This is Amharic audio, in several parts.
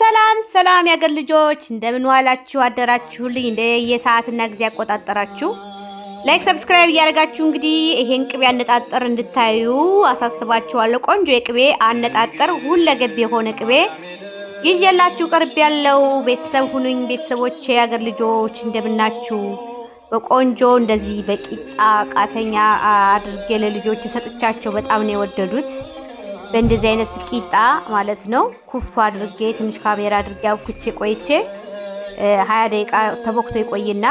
ሰላም ሰላም ያገር ልጆች እንደምን ዋላችሁ አደራችሁልኝ። እንደ የሰዓትና ጊዜ አቆጣጠራችሁ ላይክ ሰብስክራይብ እያደረጋችሁ እንግዲህ ይሄን ቅቤ አነጣጠር እንድታዩ አሳስባችኋለሁ። ቆንጆ የቅቤ አነጣጠር ሁለገብ የሆነ ቅቤ ይዤላችሁ ቅርብ ያለው ቤተሰብ ሁኑኝ። ቤተሰቦች ያገር ልጆች እንደምናችሁ በቆንጆ እንደዚህ በቂጣ ቃተኛ አድርጌ ለልጆች ሰጥቻቸው በጣም ነው የወደዱት። በእንደዚህ አይነት ቂጣ ማለት ነው ኩፍ አድርጌ ትንሽ ካሜራ አድርጌ አብኩቼ ቆይቼ ሀያ ደቂቃ ተቦክቶ ይቆይና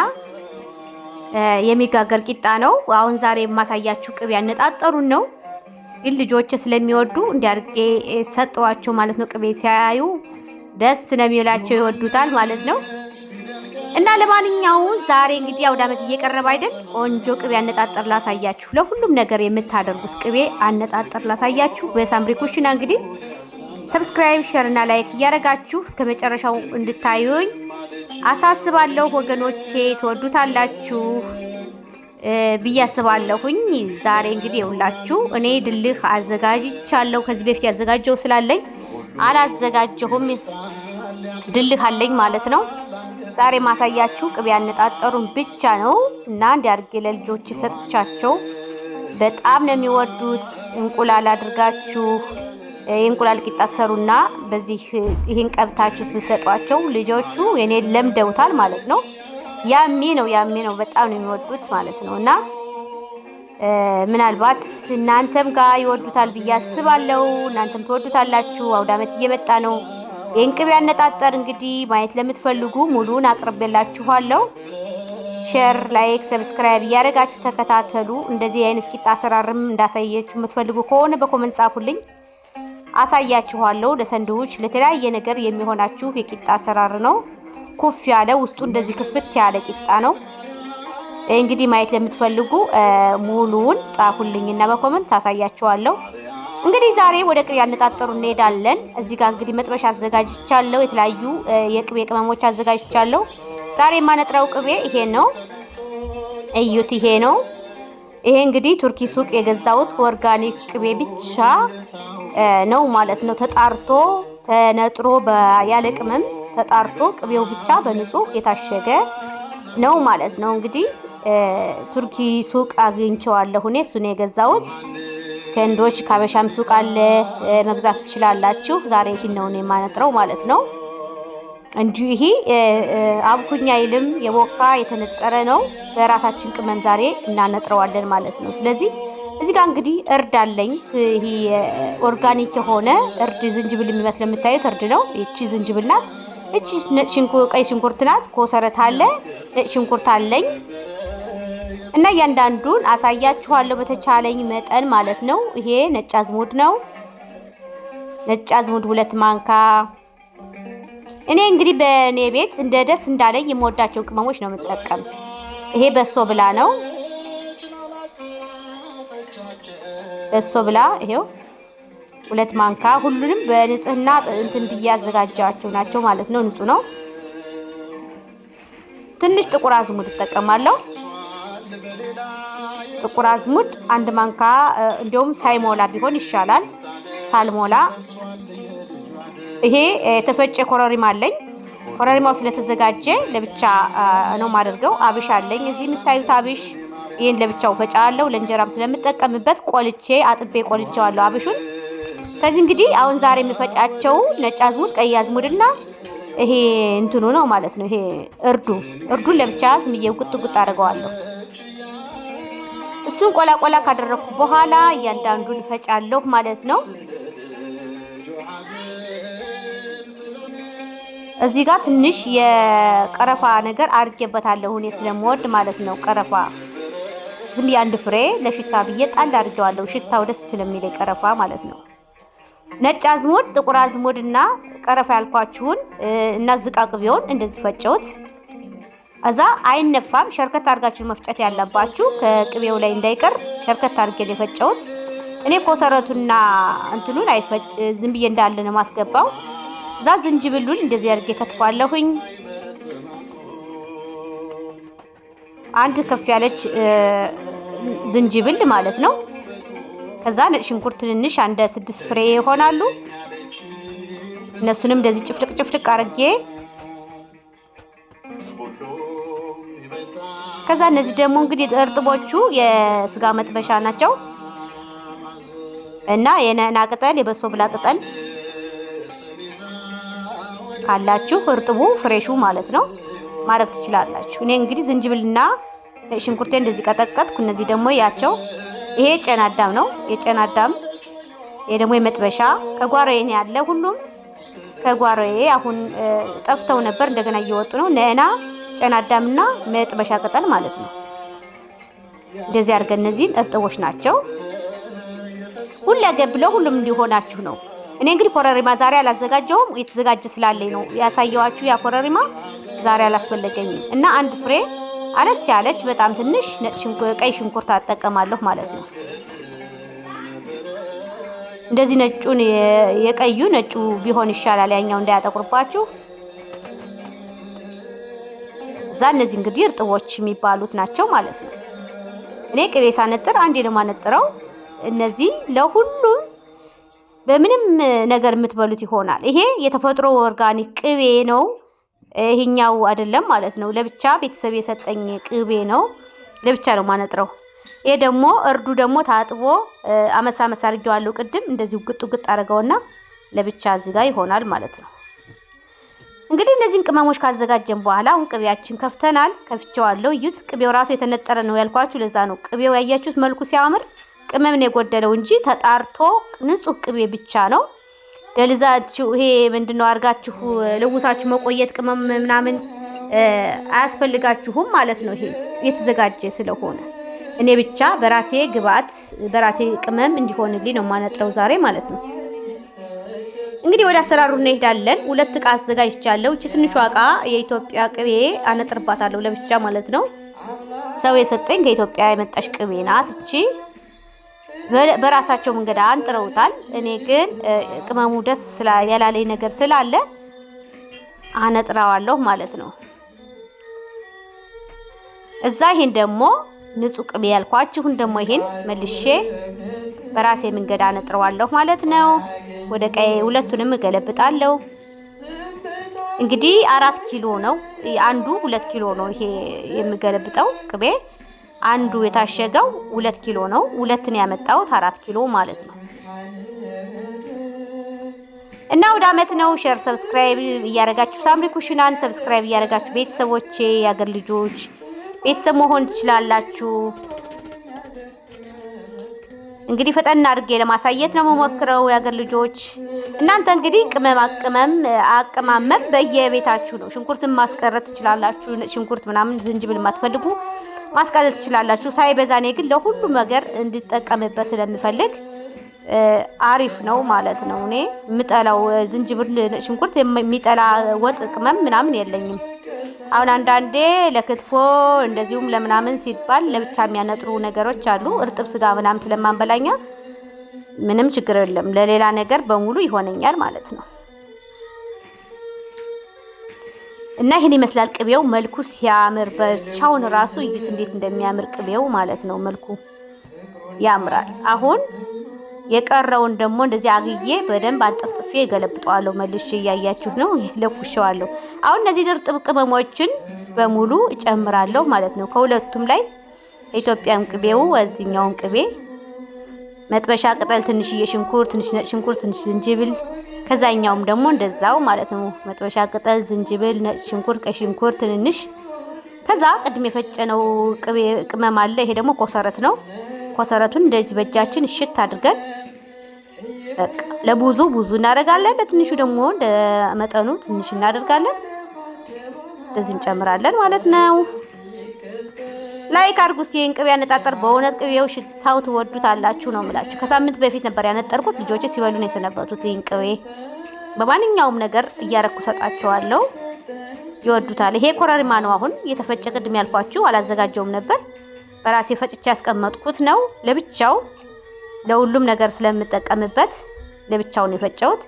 የሚጋገር ቂጣ ነው። አሁን ዛሬ የማሳያችሁ ቅቤ ያነጣጠሩን ነው፣ ግን ልጆች ስለሚወዱ እንዲያድርጌ ሰጠዋቸው ማለት ነው። ቅቤ ሲያዩ ደስ ነው የሚላቸው፣ ይወዱታል ማለት ነው። እና ለማንኛውም ዛሬ እንግዲህ አውደ ዓመት እየቀረበ አይደል? ቆንጆ ቅቤ አነጣጠር ላሳያችሁ። ለሁሉም ነገር የምታደርጉት ቅቤ አነጣጠር ላሳያችሁ። በሳምሪ ኩሽና እንግዲህ ሰብስክራይብ፣ ሼር እና ላይክ እያደረጋችሁ እስከ መጨረሻው እንድታዩኝ አሳስባለሁ ወገኖቼ። ትወዱታላችሁ ብዬ አስባለሁኝ። ዛሬ እንግዲህ የሁላችሁ እኔ ድልህ አዘጋጅቻለሁ። ከዚህ በፊት ያዘጋጀው ስላለኝ አላዘጋጀሁም ድልህ አለኝ ማለት ነው። ዛሬ ማሳያችሁ ቅቤ ያነጣጠሩን ብቻ ነው እና እንዲያርጌ ለልጆች ሰጥቻቸው በጣም ነው የሚወዱት። እንቁላል አድርጋችሁ የእንቁላል ቂጣ ሰሩና በዚህ ይህን ቀብታችሁ ትሰጧቸው። ልጆቹ የኔ ለምደውታል ማለት ነው። ያሚ ነው ያሚ ነው በጣም ነው የሚወዱት ማለት ነው እና ምናልባት እናንተም ጋር ይወዱታል ብዬ አስባለሁ። እናንተም ትወዱታላችሁ። አውዳመት እየመጣ ነው። የእንቅቤ አነጣጠር እንግዲህ ማየት ለምትፈልጉ ሙሉን አቅርቤላችኋለሁ። ሼር፣ ላይክ፣ ሰብስክራይብ እያደረጋችሁ ተከታተሉ። እንደዚህ አይነት ቂጣ አሰራርም እንዳሳየችሁ የምትፈልጉ ከሆነ በኮመንት ጻፉልኝ፣ አሳያችኋለሁ። ለሰንድዊች ለተለያየ ነገር የሚሆናችሁ የቂጣ አሰራር ነው። ኩፍ ያለ ውስጡ እንደዚህ ክፍት ያለ ቂጣ ነው። እንግዲህ ማየት ለምትፈልጉ ሙሉውን ጻፉልኝና በኮመንት አሳያችኋለሁ። እንግዲህ ዛሬ ወደ ቅቤ ያነጣጠሩ እንሄዳለን። እዚህ ጋር እንግዲህ መጥበሻ አዘጋጅቻለሁ። የተለያዩ የቅቤ ቅመሞች አዘጋጅቻለሁ። ዛሬ የማነጥረው ቅቤ ይሄ ነው። እዩት፣ ይሄ ነው። ይሄ እንግዲህ ቱርኪ ሱቅ የገዛሁት ኦርጋኒክ ቅቤ ብቻ ነው ማለት ነው። ተጣርቶ ተነጥሮ ያለ ቅመም ተጣርቶ ቅቤው ብቻ በንጹህ የታሸገ ነው ማለት ነው። እንግዲህ ቱርኪ ሱቅ አግኝቼዋለሁ እኔ እሱ ነው የገዛሁት። ከህንዶች ካበሻም ሱቅ አለ መግዛት ትችላላችሁ። ዛሬ ይህን ነው የማነጥረው ማለት ነው። እንዲሁ ይሄ አብኩኝ አይልም የቦካ የተነጠረ ነው። በራሳችን ቅመም ዛሬ እናነጥረዋለን ማለት ነው። ስለዚህ እዚህ ጋር እንግዲህ እርድ አለኝ። ይሄ ኦርጋኒክ የሆነ እርድ ዝንጅብል የሚመስል የምታዩት እርድ ነው። ይቺ ዝንጅብል ናት። እቺ ቀይ ሽንኩርት ናት። ኮሰረት አለ፣ ነጭ ሽንኩርት አለኝ። እና እያንዳንዱን አሳያችኋለሁ በተቻለኝ መጠን ማለት ነው። ይሄ ነጭ አዝሙድ ነው። ነጭ አዝሙድ ሁለት ማንካ። እኔ እንግዲህ በእኔ ቤት እንደ ደስ እንዳለኝ የምወዳቸውን ቅመሞች ነው የምጠቀም። ይሄ በሶ ብላ ነው። በሶ ብላ ይሄው ሁለት ማንካ። ሁሉንም በንጽህና እንትን ብዬ ናቸው ማለት ነው። ንጹህ ነው። ትንሽ ጥቁር አዝሙድ እጠቀማለሁ። ጥቁር አዝሙድ አንድ ማንካ እንዲሁም ሳይሞላ ቢሆን ይሻላል። ሳልሞላ ይሄ የተፈጨ ኮረሪማ አለኝ። ኮረሪማው ስለተዘጋጀ ለብቻ ነው ማደርገው። አብሽ አለኝ እዚህ የምታዩት አብሽ ይህን ለብቻው ፈጫ አለው። ለእንጀራም ስለምጠቀምበት ቆልቼ አጥቤ ቆልቼዋለሁ አብሹን። ከዚህ እንግዲህ አሁን ዛሬ የምፈጫቸው ነጭ አዝሙድ፣ ቀይ አዝሙድና ይሄ እንትኑ ነው ማለት ነው። ይሄ እርዱ እርዱን ለብቻ ዝምዬ ጉጥ ጉጥ አድርገዋለሁ። እሱን ቆላ ቆላ ካደረግኩ በኋላ እያንዳንዱን እፈጫለሁ ማለት ነው። እዚህ ጋር ትንሽ የቀረፋ ነገር አድርጌበታለሁ እኔ ስለምወድ ማለት ነው። ቀረፋ ዝም ያንድ ፍሬ ለሽታ ብዬ ጣል አድርጌዋለሁ፣ ሽታው ደስ ስለሚለኝ ቀረፋ ማለት ነው። ነጭ አዝሙድ፣ ጥቁር አዝሙድ እና ቀረፋ ያልኳችሁን እና ዝቃቅቤውን እንደዚህ ፈጨሁት። እዛ አይነፋም። ሸርከት አድርጋችሁን መፍጨት ያለባችሁ ከቅቤው ላይ እንዳይቀር ሸርከት አድርጌ የፈጨሁት እኔ ኮሰረቱና እንትኑን አይፈጭ ዝም ብዬ እንዳለ ነው ማስገባው። እዛ ዝንጅብሉን እንደዚህ አድርጌ ከትፏለሁኝ። አንድ ከፍ ያለች ዝንጅብል ማለት ነው። ከዛ ነጭ ሽንኩርት ትንንሽ አንድ ስድስት ፍሬ ይሆናሉ። እነሱንም እንደዚህ ጭፍልቅ ጭፍልቅ አድርጌ ከዛ እነዚህ ደግሞ እንግዲህ እርጥቦቹ የስጋ መጥበሻ ናቸው እና የነዕና ቅጠል የበሶ ብላ ቅጠል ካላችሁ እርጥቡ ፍሬሹ ማለት ነው ማድረግ ትችላላችሁ። እኔ እንግዲህ ዝንጅብልና ሽንኩርቴ እንደዚህ ቀጠቀጥኩ። እነዚህ ደግሞ ያቸው ይሄ ጨናዳም ነው የጨናዳም ይሄ ደግሞ የመጥበሻ ከጓሮዬ ነው ያለ። ሁሉም ከጓሮዬ አሁን ጠፍተው ነበር እንደገና እየወጡ ነው ነዕና ጨናዳምና መጥበሻ ቅጠል ማለት ነው። እንደዚህ አድርገን እነዚህን እርጥቦች ናቸው ሁሉ ያገብለው ሁሉም እንዲሆናችሁ ነው። እኔ እንግዲህ ኮረሪማ ዛሬ አላዘጋጀውም፣ የተዘጋጀ ስላለኝ ነው ያሳየዋችሁ። ያ ኮረሪማ ዛሬ አላስፈለገኝም እና አንድ ፍሬ አነስ ያለች በጣም ትንሽ ቀይ ሽንኩርት አጠቀማለሁ ማለት ነው። እንደዚህ ነጩን የቀዩ ነጩ ቢሆን ይሻላል፣ ያኛው እንዳያጠቁርባችሁ ከዛ እነዚህ እንግዲህ እርጥቦች የሚባሉት ናቸው ማለት ነው። እኔ ቅቤ ሳነጥር አንዴ ነው የማነጥረው። እነዚህ ለሁሉም በምንም ነገር የምትበሉት ይሆናል። ይሄ የተፈጥሮ ኦርጋኒክ ቅቤ ነው፣ ይሄኛው አይደለም ማለት ነው። ለብቻ ቤተሰብ የሰጠኝ ቅቤ ነው፣ ለብቻ ነው የማነጥረው። ይሄ ደግሞ እርዱ ደግሞ ታጥቦ አመሳ አመሳ አድርጌዋለሁ ቅድም። እንደዚሁ ግጡ ግጥ አድርገውና ለብቻ እዚህ ጋር ይሆናል ማለት ነው። እንግዲህ እነዚህን ቅመሞች ካዘጋጀን በኋላ አሁን ቅቤያችን ከፍተናል። ከፍቼዋለሁ። እዩት፣ ቅቤው ራሱ የተነጠረ ነው ያልኳችሁ ለዛ ነው። ቅቤው ያያችሁት መልኩ ሲያምር ቅመም ነው የጎደለው እንጂ ተጣርቶ ንጹህ ቅቤ ብቻ ነው። ደልዛችሁ ይሄ ምንድነው አድርጋችሁ ልውሳችሁ መቆየት ቅመም ምናምን አያስፈልጋችሁም ማለት ነው። ይሄ የተዘጋጀ ስለሆነ እኔ ብቻ በራሴ ግብአት በራሴ ቅመም እንዲሆንልኝ ነው የማነጥረው ዛሬ ማለት ነው። እንግዲህ ወደ አሰራሩ እንሄዳለን። ሁለት እቃ አዘጋጅቻለሁ። እቺ ትንሿ እቃ የኢትዮጵያ ቅቤ አነጥርባታለሁ ለብቻ ማለት ነው። ሰው የሰጠኝ ከኢትዮጵያ የመጣች ቅቤ ናት። እቺ በራሳቸው መንገድ አንጥረውታል። እኔ ግን ቅመሙ ደስ ያላለኝ ነገር ስላለ አነጥረዋለሁ ማለት ነው። እዛ ይሄን ደግሞ ንጹህ ቅቤ ያልኳችሁን ደግሞ ይሄን መልሼ በራሴ መንገድ አነጥረዋለሁ ማለት ነው። ወደ ቀይ ሁለቱንም እገለብጣለሁ። እንግዲህ አራት ኪሎ ነው አንዱ፣ ሁለት ኪሎ ነው ይሄ የምገለብጠው ቅቤ። አንዱ የታሸገው ሁለት ኪሎ ነው። ሁለትን ያመጣሁት አራት ኪሎ ማለት ነው። እና ወደ አመት ነው። ሼር፣ ሰብስክራይብ እያደረጋችሁ ሳምሪ ኩሽናን ሰብስክራይብ እያደረጋችሁ ቤተሰቦቼ፣ የአገር ልጆች ቤተሰብ መሆን ትችላላችሁ። እንግዲህ ፈጠና አድርጌ ለማሳየት ነው መሞክረው የአገር ልጆች። እናንተ እንግዲህ ቅመም አቅመም አቀማመም በየቤታችሁ ነው። ሽንኩርትን ማስቀረት ትችላላችሁ። ሽንኩርት ምናምን ዝንጅብል ማትፈልጉ ማስቀረት ትችላላችሁ። ሳይበዛ እኔ ግን ለሁሉም ነገር እንድጠቀምበት ስለምፈልግ አሪፍ ነው ማለት ነው። እኔ የምጠላው ዝንጅብል፣ ሽንኩርት የሚጠላ ወጥ ቅመም ምናምን የለኝም። አሁን አንዳንዴ ለክትፎ እንደዚሁም ለምናምን ሲባል ለብቻ የሚያነጥሩ ነገሮች አሉ። እርጥብ ስጋ ምናምን ስለማንበላኛ ምንም ችግር የለም። ለሌላ ነገር በሙሉ ይሆነኛል ማለት ነው። እና ይህን ይመስላል ቅቤው። መልኩ ሲያምር ብቻውን ራሱ እዩት እንዴት እንደሚያምር ቅቤው ማለት ነው። መልኩ ያምራል አሁን የቀረውን ደግሞ እንደዚህ አግዬ በደንብ አጠፍጥፌ ገለብጠዋለሁ። መልሽ እያያችሁ ነው፣ ለኩሸዋለሁ። አሁን እነዚህ ድርጥብ ቅመሞችን በሙሉ እጨምራለሁ ማለት ነው። ከሁለቱም ላይ ኢትዮጵያ ቅቤው ወዚኛውን ቅቤ መጥበሻ ቅጠል፣ ትንሽዬ ሽንኩርት፣ ትንሽ ነጭ ሽንኩርት፣ ትንሽ ዝንጅብል ከዛኛውም ደግሞ እንደዛው ማለት ነው። መጥበሻ ቅጠል፣ ዝንጅብል፣ ነጭ ሽንኩርት፣ ቀይ ሽንኩርት ትንንሽ። ከዛ ቅድም የፈጨነው ቅመም አለ። ይሄ ደግሞ ኮሰረት ነው። ኮሰረቱን እንደዚህ በእጃችን እሽት አድርገን ለብዙ ብዙ እናደርጋለን። ለትንሹ ደግሞ እንደ መጠኑ ትንሽ እናደርጋለን። እንደዚህ እንጨምራለን ማለት ነው። ላይክ አድርጉ እስኪ ይሄን ቅቤ ያነጣጠር። በእውነት ቅቤው ሽታው ትወዱታላችሁ ነው የምላችሁ። ከሳምንት በፊት ነበር ያነጠርኩት። ልጆቼ ሲበሉ ነው የሰነበቱት። ይሄን ቅቤ በማንኛውም ነገር እያረኩ ሰጣቸዋለሁ፣ ይወዱታል። ይሄ ኮረሪማ ነው አሁን የተፈጨ። ቅድም ያልኳችሁ አላዘጋጀውም ነበር። በራሴ ፈጭቼ ያስቀመጥኩት ነው። ለብቻው ለሁሉም ነገር ስለምጠቀምበት ለብቻው ነው የፈጨሁት።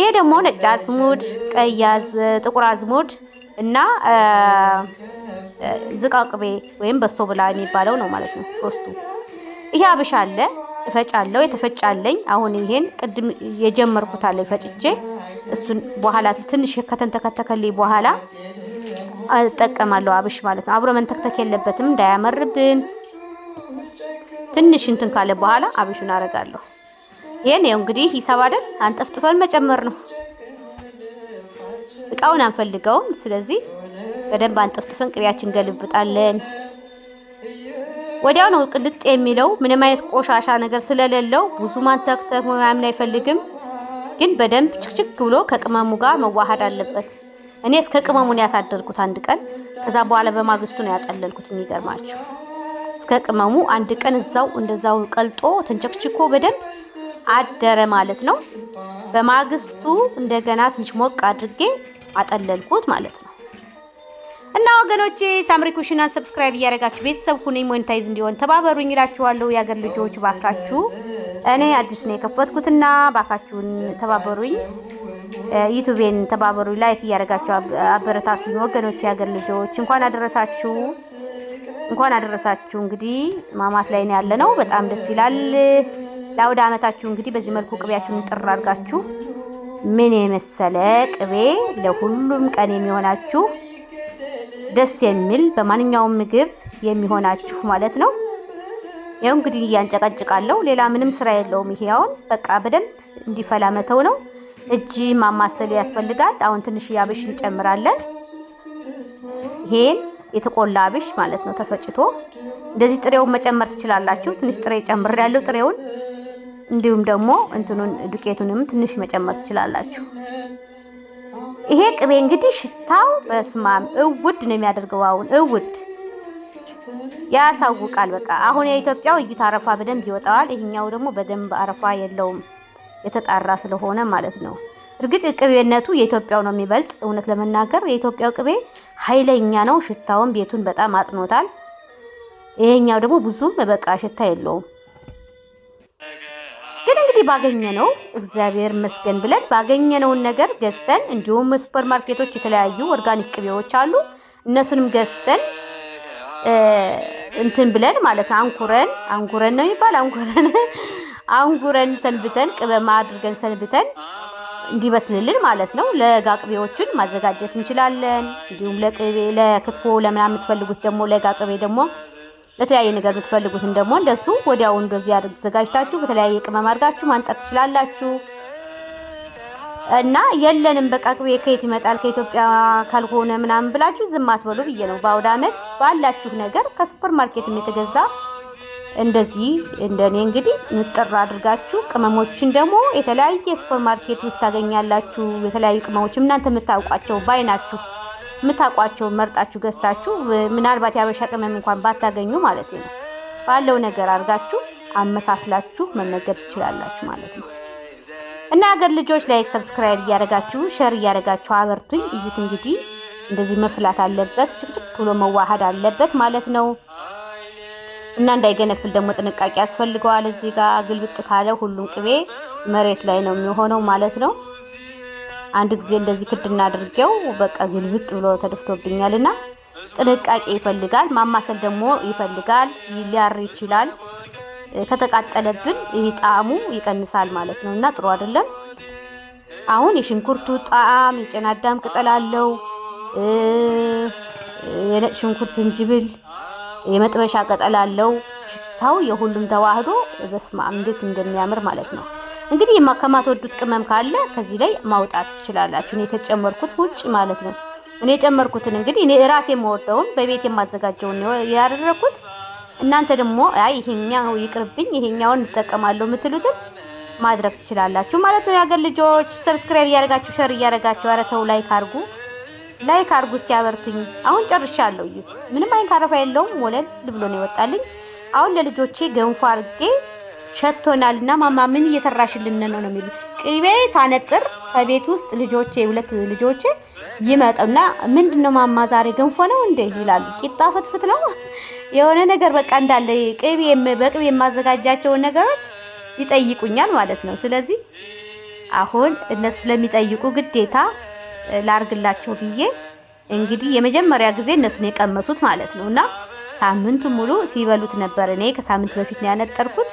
ይሄ ደግሞ ነጭ አዝሙድ፣ ቀይ ጥቁር አዝሙድ እና ዝቃቅቤ ወይም በሶ ብላ የሚባለው ነው ማለት ነው። ሶስቱ ይሄ አብሻ አለ እፈጫለሁ የተፈጫለኝ አሁን ይሄን ቅድም የጀመርኩት አለ ፈጭቼ እሱን በኋላ ትንሽ ከተንተከተከልኝ በኋላ እጠቀማለሁ። አብሽ ማለት ነው። አብሮ መንተክተክ የለበትም እንዳያመርብን። ትንሽ እንትን ካለ በኋላ አብሹን አደርጋለሁ። ይሄን ያው እንግዲህ ሂሳብ አይደል አንጠፍጥፈን መጨመር ነው። እቃውን አንፈልገውም። ስለዚህ በደንብ አንጠፍጥፈን ቅቤያችን ገልብጣለን። ወዲያው ነው ቅልጥ የሚለው። ምንም አይነት ቆሻሻ ነገር ስለሌለው ብዙ ማንተክተክ ምናምን አይፈልግም። ግን በደንብ ችክችክ ብሎ ከቅመሙ ጋር መዋሃድ አለበት። እኔ እስከ ቅመሙን ያሳደርኩት አንድ ቀን፣ ከዛ በኋላ በማግስቱ ነው ያጠለልኩት። የሚገርማችሁ እስከ ቅመሙ አንድ ቀን እዛው እንደዛው ቀልጦ ተንጨክችኮ በደንብ አደረ ማለት ነው። በማግስቱ እንደገና ትንሽ ሞቅ አድርጌ አጠለልኩት ማለት ነው። እና ወገኖቼ ሳምሪ ኩሽናን ሰብስክራይብ እያደረጋችሁ ቤተሰብ ሁኔ ሞኔታይዝ እንዲሆን ተባበሩኝ ይላችኋለሁ የአገር ልጆች ባካችሁ፣ እኔ አዲስ ነው የከፈትኩትና ባካችሁን ተባበሩኝ። ዩቱቤን ተባበሩ፣ ላይክ እያደረጋችሁ አበረታቱ ወገኖች፣ የሀገር ልጆች እንኳን አደረሳችሁ፣ እንኳን አደረሳችሁ። እንግዲህ ማማት ላይ ነው ያለ ነው። በጣም ደስ ይላል። ለአውደ ዓመታችሁ እንግዲህ በዚህ መልኩ ቅቤያችሁን ጥር አድርጋችሁ ምን የመሰለ ቅቤ ለሁሉም ቀን የሚሆናችሁ ደስ የሚል በማንኛውም ምግብ የሚሆናችሁ ማለት ነው። ያው እንግዲህ እያንጨቀጭቃለሁ። ሌላ ምንም ስራ የለውም። ይሄ አሁን በቃ በደንብ እንዲፈላ መተው ነው። እጅ ማማሰል ያስፈልጋል። አሁን ትንሽዬ አብሽ እንጨምራለን። ይሄን የተቆላ አብሽ ማለት ነው ተፈጭቶ እንደዚህ ጥሬውን መጨመር ትችላላችሁ። ትንሽ ጥሬ ጨምር ያለው ጥሬውን እንዲሁም ደግሞ እንትኑን ዱቄቱንም ትንሽ መጨመር ትችላላችሁ። ይሄ ቅቤ እንግዲህ ሽታው በስማም እውድ ነው የሚያደርገው። አሁን እውድ ያሳውቃል። በቃ አሁን የኢትዮጵያው እይታ አረፋ በደንብ ይወጣዋል። ይሄኛው ደግሞ በደንብ አረፋ የለውም። የተጣራ ስለሆነ ማለት ነው። እርግጥ ቅቤነቱ የኢትዮጵያው ነው የሚበልጥ። እውነት ለመናገር የኢትዮጵያው ቅቤ ኃይለኛ ነው። ሽታውን ቤቱን በጣም አጥኖታል። ይሄኛው ደግሞ ብዙም በቃ ሽታ የለውም። ግን እንግዲህ ባገኘነው እግዚአብሔር መስገን ብለን ባገኘነውን ነገር ገዝተን እንዲሁም ሱፐር ማርኬቶች የተለያዩ ኦርጋኒክ ቅቤዎች አሉ። እነሱንም ገዝተን እንትን ብለን ማለት አንኩረን አንኩረን ነው የሚባል አንኩረን አንጉረን ሰንብተን ቅመማ አድርገን ሰንብተን እንዲበስልልን ማለት ነው። ለጋቅቤዎችን ማዘጋጀት እንችላለን። እንዲሁም ለቅቤ ለክትፎ ለምናምን የምትፈልጉት ደግሞ ለጋቅቤ ደግሞ ለተለያየ ነገር የምትፈልጉትን ደግሞ እንደሱ ወዲያው እንደዚህ አዘጋጅታችሁ በተለያየ ቅመም አድርጋችሁ ማንጠር ትችላላችሁ። እና የለንም በቃ ቅቤ ከየት ይመጣል ከኢትዮጵያ ካልሆነ ምናምን ብላችሁ ዝም አትበሉ ብዬ ነው። በአውደ አመት ባላችሁ ነገር ከሱፐር ማርኬትም የተገዛ እንደዚህ እንደኔ እንግዲህ ምጥር አድርጋችሁ ቅመሞችን ደግሞ የተለያየ ሱፐር ማርኬት ውስጥ ታገኛላችሁ። የተለያዩ ቅመሞች እናንተ የምታውቋቸው ባይናችሁ የምታውቋቸውን መርጣችሁ ገዝታችሁ ምናልባት ያበሻ ቅመም እንኳን ባታገኙ ማለት ነው ባለው ነገር አድርጋችሁ አመሳስላችሁ መመገብ ትችላላችሁ ማለት ነው። እና ሀገር ልጆች ላይክ፣ ሰብስክራይብ እያደረጋችሁ ሸር እያደረጋችሁ አበርቱኝ። እዩት እንግዲህ እንደዚህ መፍላት አለበት፣ ጭቅጭቅ ብሎ መዋሃድ አለበት ማለት ነው። እና እንዳይገነፍል ደግሞ ጥንቃቄ ያስፈልገዋል። እዚህ ጋር ግልብጥ ካለ ሁሉም ቅቤ መሬት ላይ ነው የሚሆነው ማለት ነው። አንድ ጊዜ እንደዚህ ክድ እናድርገው በቃ ግልብጥ ብሎ ተደፍቶብኛል እና ጥንቃቄ ይፈልጋል። ማማሰል ደግሞ ይፈልጋል። ሊያር ይችላል። ከተቃጠለብን ይህ ጣዕሙ ይቀንሳል ማለት ነው እና ጥሩ አይደለም። አሁን የሽንኩርቱ ጣዕም የጨናዳም ቅጠል አለው፣ የነጭ ሽንኩርት ዝንጅብል የመጥበሻ ቅጠል አለው። ሽታው የሁሉም ተዋህዶ በስማ እንዴት እንደሚያምር ማለት ነው። እንግዲህ ከማትወዱት ቅመም ካለ ከዚህ ላይ ማውጣት ትችላላችሁ። እኔ ከጨመርኩት ውጭ ማለት ነው። እኔ የጨመርኩትን እንግዲህ እኔ ራሴ የምወደውን በቤት የማዘጋጀውን ያደረኩት። እናንተ ደግሞ አይ ይሄኛው ይቅርብኝ ይሄኛውን እንጠቀማለሁ የምትሉትን ማድረግ ትችላላችሁ ማለት ነው። የአገር ልጆች ሰብስክራይብ እያደረጋችሁ ሸር እያደረጋችሁ አረተው ላይክ አድርጉ። ላይክ አድርጉ እስኪ ያበርቱኝ። አሁን ጨርሻለሁ። እዩ ምንም አይነት አረፋ የለውም፣ ወለል ብሎ ነው ይወጣልኝ። አሁን ለልጆቼ ገንፎ ሸቶናል ሸቶናልና ማማ ምን እየሰራሽልን ነው ነው የሚሉ ቅቤ ሳነጥር ከቤት ውስጥ ልጆቼ ሁለት ልጆቼ ይመጡና ምንድነው ማማ ዛሬ ገንፎ ነው እንዴ ይላሉ። ቂጣ ፍትፍት ነው የሆነ ነገር በቃ እንዳለ ቅቤ በቅቤ የማዘጋጃቸውን ነገሮች ይጠይቁኛል ማለት ነው። ስለዚህ አሁን እነሱ ስለሚጠይቁ ግዴታ ላርግላቸው ብዬ እንግዲህ የመጀመሪያ ጊዜ እነሱ ነው የቀመሱት ማለት ነው። እና ሳምንቱ ሙሉ ሲበሉት ነበር። እኔ ከሳምንት በፊት ነው ያነጠርኩት።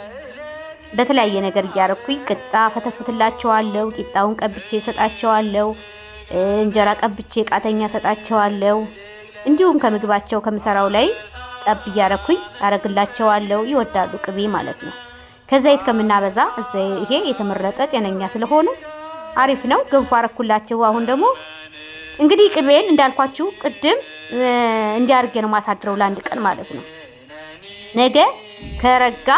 በተለያየ ነገር እያረኩኝ ቅጣ ፈተፍትላቸዋለሁ። ቂጣውን ቀብቼ እሰጣቸዋለሁ። እንጀራ ቀብቼ ቃተኛ እሰጣቸዋለሁ። እንዲሁም ከምግባቸው ከምሰራው ላይ ጠብ እያረኩኝ አረግላቸዋለሁ። ይወዳሉ ቅቤ ማለት ነው። ከዘይት ከምናበዛ ይሄ የተመረጠ ጤነኛ ስለሆነ አሪፍ ነው። ገንፎ አረኩላችሁ። አሁን ደግሞ እንግዲህ ቅቤን እንዳልኳችሁ ቅድም እንዲያርጌ ነው ማሳድረው ለአንድ ቀን ማለት ነው። ነገ ከረጋ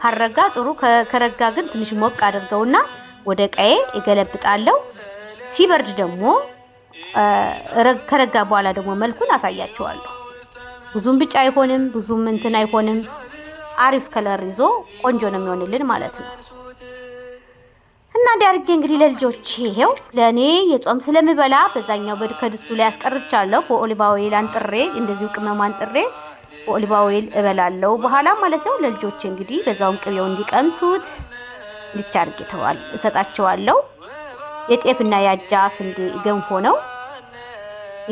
ካረጋ ጥሩ፣ ከረጋ ግን ትንሽ ሞቅ አድርገውና ወደ ቀዬ እገለብጣለሁ። ሲበርድ ደግሞ ከረጋ በኋላ ደግሞ መልኩን አሳያቸዋለሁ። ብዙም ብጫ አይሆንም፣ ብዙም እንትን አይሆንም። አሪፍ ከለር ይዞ ቆንጆ ነው የሚሆንልን ማለት ነው። እና እንዲያርጌ እንግዲህ ለልጆች ይሄው ለእኔ የጾም ስለምበላ በዛኛው በድ ከድስቱ ላይ አስቀርቻለሁ። በኦሊቫ ኦይል አንጥሬ እንደዚሁ ቅመም አንጥሬ በኦሊቫ ኦይል እበላለሁ በኋላ ማለት ነው። ለልጆች እንግዲህ በዛውን ቅቤው እንዲቀምሱት እንዲቻርጌ ተዋል እሰጣቸዋለሁ። የጤፍና የአጃ ስንዴ ገንፎ ነው።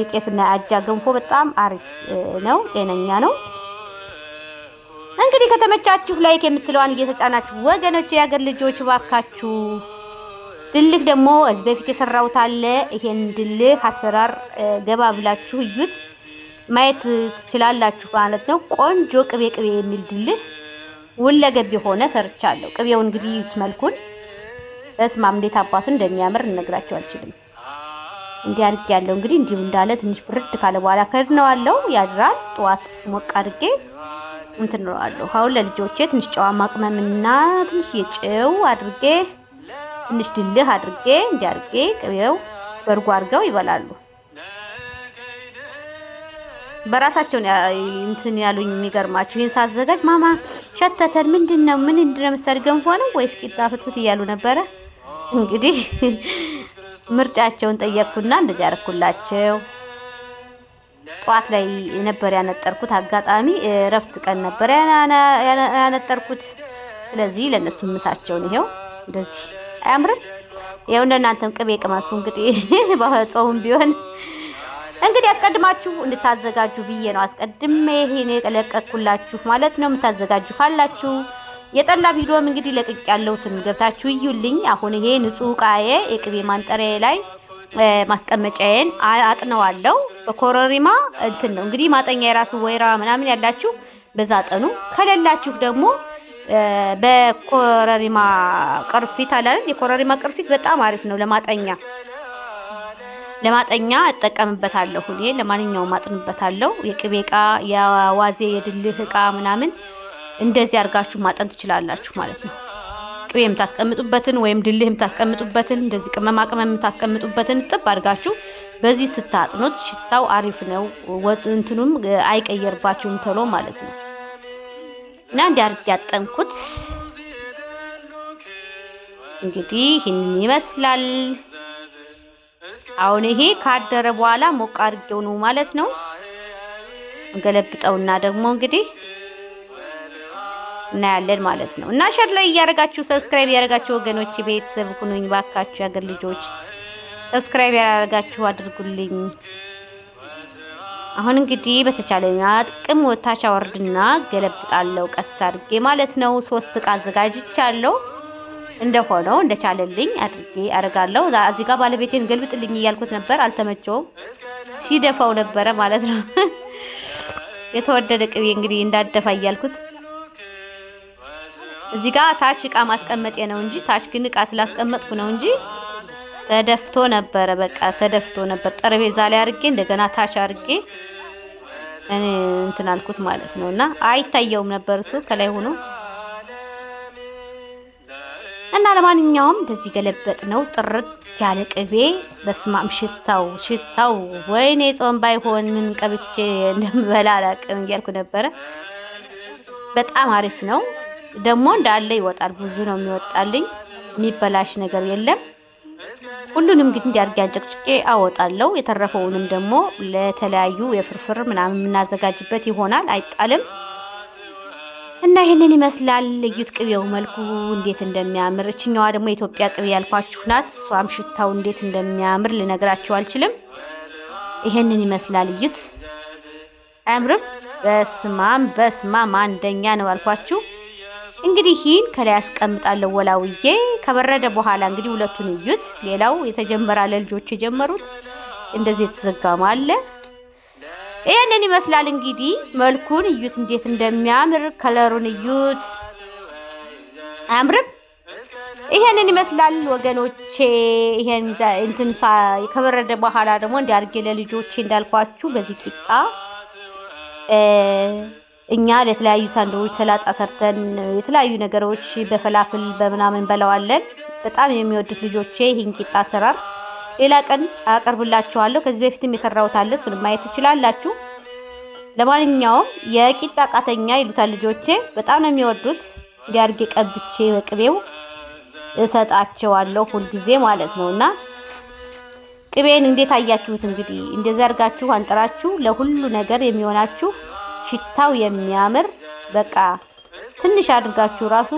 የጤፍና የአጃ ገንፎ በጣም አሪፍ ነው፣ ጤነኛ ነው። እንግዲህ ከተመቻችሁ ላይክ የምትለዋን እየተጫናችሁ ወገኖች፣ የሀገር ልጆች ባካችሁ ድልህ ደግሞ እዚህ በፊት የሰራሁት አለ። ይሄን ድልህ አሰራር ገባ ብላችሁ እዩት ማየት ትችላላችሁ ማለት ነው። ቆንጆ ቅቤ ቅቤ የሚል ድልህ ውለገብ የሆነ ሰርቻለሁ። ቅቤው እንግዲህ እዩት መልኩን። በስመ እንዴት አባቱ እንደሚያምር እነግራቸው አልችልም። እንዲህ አድርጌ ያለው እንግዲህ እንዲሁ እንዳለ ትንሽ ብርድ ካለ በኋላ ከድነዋለሁ። ያድራል። ጠዋት ሞቅ አድርጌ እንትንለዋለሁ። አሁን ለልጆቼ ትንሽ ጨዋማ ቅመምና ትንሽ የጨው አድርጌ ትንሽ ድልህ አድርጌ እንዲያርጌ ቅቤው በእርጎ አድርገው ይበላሉ። በራሳቸው እንትን ያሉኝ የሚገርማችሁ ይህን ሳዘጋጅ ማማ ሸተተን ምንድን ነው ምን እንድነምሳል ገንፎ ነው ወይስ ቂጣ ፍትፍት እያሉ ነበረ። እንግዲህ ምርጫቸውን ጠየቅኩና እንደዚህ ያደርኩላቸው። ጠዋት ላይ ነበር ያነጠርኩት። አጋጣሚ እረፍት ቀን ነበር ያነጠርኩት። ስለዚህ ለእነሱ ምሳቸውን ይሄው እንደዚህ አያምርም? ያው እንደናንተም ቅቤ ቅመሱ እንግዲህ በጾሙም ቢሆን እንግዲህ አስቀድማችሁ እንድታዘጋጁ ብዬ ነው። አስቀድሜ ይሄን የለቀቅኩላችሁ ማለት ነው። የምታዘጋጁ ካላችሁ የጠላ ቪዲዮም እንግዲህ ለቅቅ ያለው ስንገብታችሁ እዩልኝ። አሁን ይሄ ንጹህ ዕቃዬ የቅቤ ማንጠሪያ ላይ ማስቀመጫዬን አጥነዋለሁ። በኮረሪማ እንትን ነው እንግዲህ ማጠኛ የራሱ ወይራ ምናምን ያላችሁ በዛ ጠኑ ከሌላችሁ ደግሞ በኮረሪማ ቅርፊት አለ አይደል? የኮረሪማ ቅርፊት በጣም አሪፍ ነው ለማጠኛ ለማጠኛ እጠቀምበታለሁ። እኔ ለማንኛውም ማጥንበታለሁ። የቅቤ እቃ፣ የዋዜ፣ የድልህ እቃ ምናምን እንደዚህ አድርጋችሁ ማጠን ትችላላችሁ ማለት ነው። ቅቤ የምታስቀምጡበትን ወይም ድልህ የምታስቀምጡበትን እንደዚህ ቅመማ ቅመም የምታስቀምጡበትን ጥብ አድርጋችሁ በዚህ ስታጥኑት ሽታው አሪፍ ነው። እንትኑም አይቀየርባችሁም ቶሎ ማለት ነው። እና እንዲ አርጌ ያጠንኩት እንግዲህ ይህንን ይመስላል። አሁን ይሄ ካደረ በኋላ ሞቅ አድርጌው ነው ማለት ነው። ገለብጠውና ደግሞ እንግዲህ እናያለን ማለት ነው። እና ሸር ላይ እያደረጋችሁ ሰብስክራይብ እያደረጋችሁ ወገኖች ቤተሰብ ሁኑኝ ባካችሁ፣ ያገር ልጆች ሰብስክራይብ ያደረጋችሁ አድርጉልኝ። አሁን እንግዲህ በተቻለኝ አቅም ወታች አወርድና ገለብጣለው ቀስ አድርጌ ማለት ነው። ሶስት እቃ አዘጋጅቻለሁ። እንደሆነው እንደቻለልኝ አድርጌ አደርጋለሁ። እዚህ ጋር ባለቤቴን ገልብጥልኝ እያልኩት ነበር፣ አልተመቸውም። ሲደፋው ነበረ ማለት ነው። የተወደደ ቅቤ እንግዲህ እንዳደፋ እያልኩት እዚህ ጋር ታች እቃ ማስቀመጤ ነው እንጂ ታች ግን እቃ ስላስቀመጥኩ ነው እንጂ ተደፍቶ ነበረ። በቃ ተደፍቶ ነበር። ጠረጴዛ ላይ አድርጌ እንደገና ታች አድርጌ እኔ እንትን አልኩት ማለት ነው። እና አይታየውም ነበር እሱ ከላይ ሆኖ እና ለማንኛውም እንደዚህ ገለበጥ ነው። ጥርት ያለ ቅቤ በስማም ሽታው ሽታው ወይኔ ጾም ባይሆን ምን ቀብቼ እንደምበላ አላውቅም እያልኩ ነበረ። በጣም አሪፍ ነው። ደግሞ እንዳለ ይወጣል። ብዙ ነው የሚወጣልኝ። የሚበላሽ ነገር የለም። ሁሉንም ግን እንዲያርጌ አጨቅጭቄ አወጣለሁ። የተረፈውንም ደግሞ ለተለያዩ የፍርፍር ምናምን የምናዘጋጅበት ይሆናል፣ አይጣልም እና ይህንን ይመስላል። ልዩት ቅቤው መልኩ እንዴት እንደሚያምር። እችኛዋ ደግሞ የኢትዮጵያ ቅቤ ያልኳችሁ ናት። እሷም ሽታው እንዴት እንደሚያምር ልነግራችሁ አልችልም። ይህንን ይመስላል። እዩት አያምርም? በስማም በስማም አንደኛ ነው አልኳችሁ። እንግዲህ ይህን ከላይ አስቀምጣለሁ ወላውዬ። ከበረደ በኋላ እንግዲህ ሁለቱን እዩት። ሌላው የተጀመረ ለልጆች የጀመሩት እንደዚህ የተዘጋማ አለ። ይህንን ይመስላል እንግዲህ መልኩን እዩት እንዴት እንደሚያምር ከለሩን እዩት። አያምርም? ይሄንን ይመስላል ወገኖቼ። ይሄን እንትን ከበረደ በኋላ ደግሞ እንዲያርጌ ለልጆቼ እንዳልኳችሁ በዚህ ቂጣ እኛ ለተለያዩ ሳንድዊች፣ ሰላጣ ሰርተን የተለያዩ ነገሮች በፈላፍል በምናምን በለዋለን። በጣም የሚወዱት ልጆቼ ይህን ቂጣ አሰራር ሌላ ቀን አቀርብላችኋለሁ። ከዚህ በፊትም የሰራሁት አለ፣ እሱን ማየት ትችላላችሁ። ለማንኛውም የቂጣ ቃተኛ ይሉታል ልጆቼ፣ በጣም ነው የሚወዱት። እንዲያርግ ቀብቼ በቅቤው እሰጣቸዋለሁ ሁልጊዜ ማለት ነው እና ቅቤን እንዴት አያችሁት? እንግዲህ እንደዚህ አድርጋችሁ አንጥራችሁ ለሁሉ ነገር የሚሆናችሁ ሽታው የሚያምር በቃ ትንሽ አድርጋችሁ ራሱ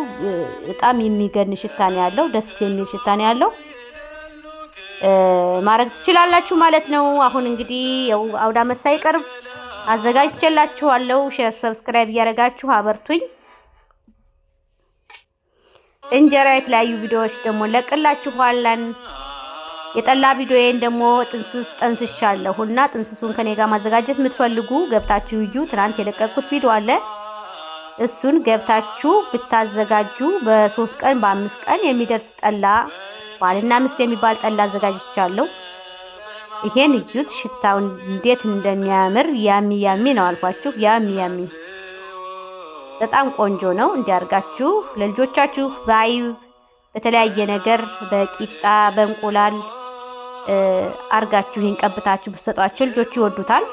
በጣም የሚገን ሽታ ነው ያለው። ደስ የሚል ሽታ ነው ያለው። ማድረግ ትችላላችሁ ማለት ነው። አሁን እንግዲህ ያው መሳይ ዓመት ሳይቀርብ አዘጋጅቼላችኋለሁ። ሼር፣ ሰብስክራይብ እያደረጋችሁ አበርቱኝ። እንጀራ የተለያዩ ቪዲዮዎች ደግሞ ለቅላችኋለን። የጠላ ቪዲዮዬን ደግሞ ጥንስስ ጠንስሻለሁ እና ጥንስሱን ከኔ ጋር ማዘጋጀት የምትፈልጉ ገብታችሁ እዩ። ትናንት የለቀቅኩት ቪዲዮ አለ። እሱን ገብታችሁ ብታዘጋጁ በሶስት ቀን በአምስት ቀን የሚደርስ ጠላ ባልና ሚስት የሚባል ጠላ አዘጋጅቻለሁ። ይሄን እዩት፣ ሽታው እንዴት እንደሚያምር ያሚ ያሚ ነው አልኳችሁ። ያሚ ያሚ በጣም ቆንጆ ነው። እንዲያርጋችሁ ለልጆቻችሁ ባይ በተለያየ ነገር በቂጣ በእንቁላል አርጋችሁ ይህን ቀብታችሁ ብትሰጧቸው ልጆቹ ይወዱታል።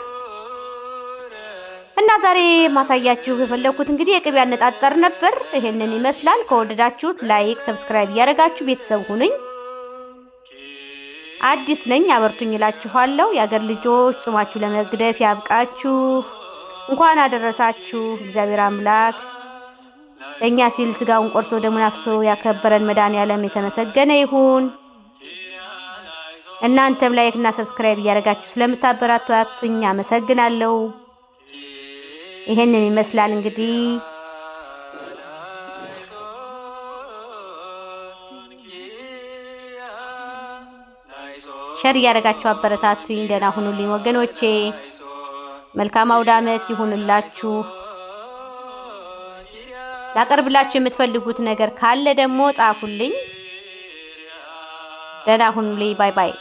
እና ዛሬ ማሳያችሁ የፈለግኩት እንግዲህ የቅቤ አነጣጠር ነበር። ይሄንን ይመስላል። ከወደዳችሁት ላይክ፣ ሰብስክራይብ እያደረጋችሁ ቤተሰብ ሁኑኝ። አዲስ ነኝ አበርቱኝ እላችኋለሁ። የአገር ልጆች ጾማችሁ ለመግደፍ ያብቃችሁ። እንኳን አደረሳችሁ። እግዚአብሔር አምላክ ለእኛ ሲል ስጋውን ቆርሶ ደሙን አፍሶ ያከበረን መድኃኔ ዓለም የተመሰገነ ይሁን። እናንተም ላይክ እና ሰብስክራይብ እያደረጋችሁ ስለምታበራቱኝ አመሰግናለሁ። ይሄንን ይመስላል እንግዲህ ሸር እያደረጋችሁ አበረታቱኝ። ደህና ሁኑልኝ ወገኖቼ። መልካም አውደ ዓመት ይሁንላችሁ። ላቀርብላችሁ የምትፈልጉት ነገር ካለ ደግሞ ጻፉልኝ። ደህና ሁኑልኝ። ባይ ባይ